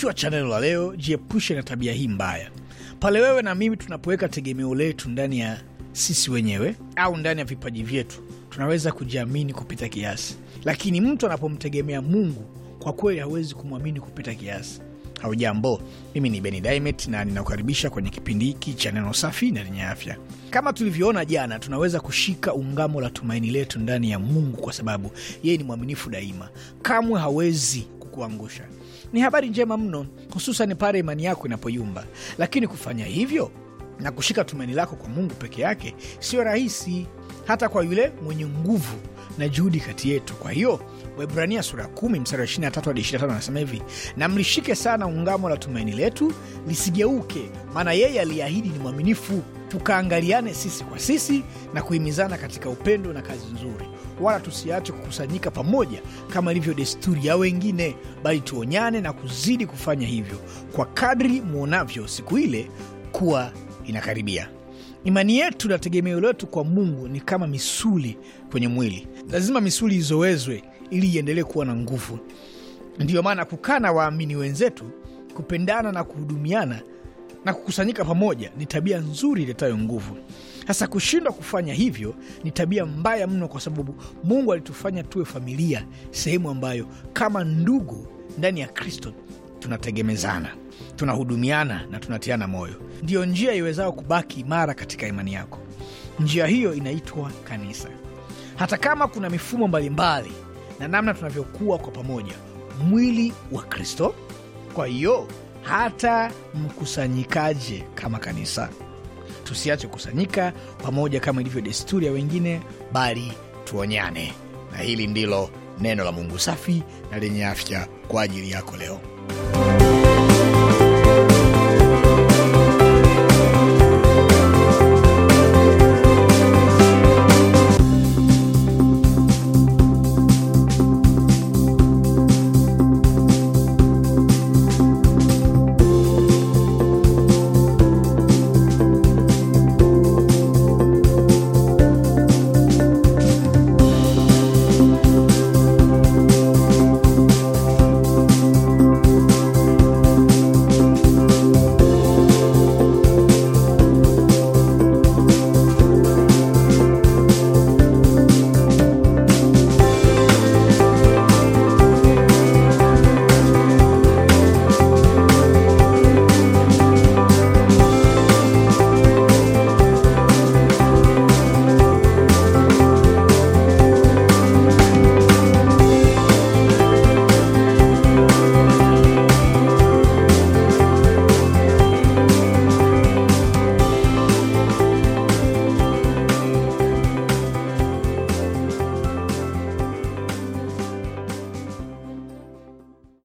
Kichwa cha neno la leo: jiepushe na tabia hii mbaya. Pale wewe na mimi tunapoweka tegemeo letu ndani ya sisi wenyewe au ndani ya vipaji vyetu, tunaweza kujiamini kupita kiasi, lakini mtu anapomtegemea Mungu kwa kweli hawezi kumwamini kupita kiasi. Haujambo, mimi ni Beni Dimet na ninakukaribisha kwenye kipindi hiki cha neno safi na lenye afya. Kama tulivyoona jana, tunaweza kushika ungamo la tumaini letu ndani ya Mungu kwa sababu yeye ni mwaminifu daima, kamwe hawezi kuangusha. Ni habari njema mno, hususan pale imani yako inapoyumba, lakini kufanya hivyo na kushika tumaini lako kwa Mungu peke yake siyo rahisi, hata kwa yule mwenye nguvu na juhudi kati yetu. Kwa hiyo Waebrania sura 10 mstari wa 23 hadi 25 anasema hivi: na mlishike sana ungamo la tumaini letu lisigeuke, maana yeye aliyeahidi ni mwaminifu. Tukaangaliane sisi kwa sisi na kuhimizana katika upendo na kazi nzuri wala tusiache kukusanyika pamoja kama ilivyo desturi ya wengine, bali tuonyane na kuzidi kufanya hivyo kwa kadri mwonavyo siku ile kuwa inakaribia. Imani yetu na tegemeo letu kwa Mungu ni kama misuli kwenye mwili. Lazima misuli izowezwe ili iendelee kuwa na nguvu. Ndiyo maana kukaa na waamini wenzetu, kupendana na kuhudumiana na kukusanyika pamoja ni tabia nzuri iletayo nguvu. Sasa kushindwa kufanya hivyo ni tabia mbaya mno, kwa sababu Mungu alitufanya tuwe familia, sehemu ambayo kama ndugu ndani ya Kristo tunategemezana, tunahudumiana na tunatiana moyo. Ndiyo njia iwezao kubaki imara katika imani yako. Njia hiyo inaitwa kanisa. Hata kama kuna mifumo mbalimbali na namna tunavyokuwa kwa pamoja, mwili wa Kristo. Kwa hiyo hata mkusanyikaje kama kanisa tusiache kukusanyika pamoja kama ilivyo desturi ya wengine, bali tuonyane. Na hili ndilo neno la Mungu safi na lenye afya kwa ajili yako leo.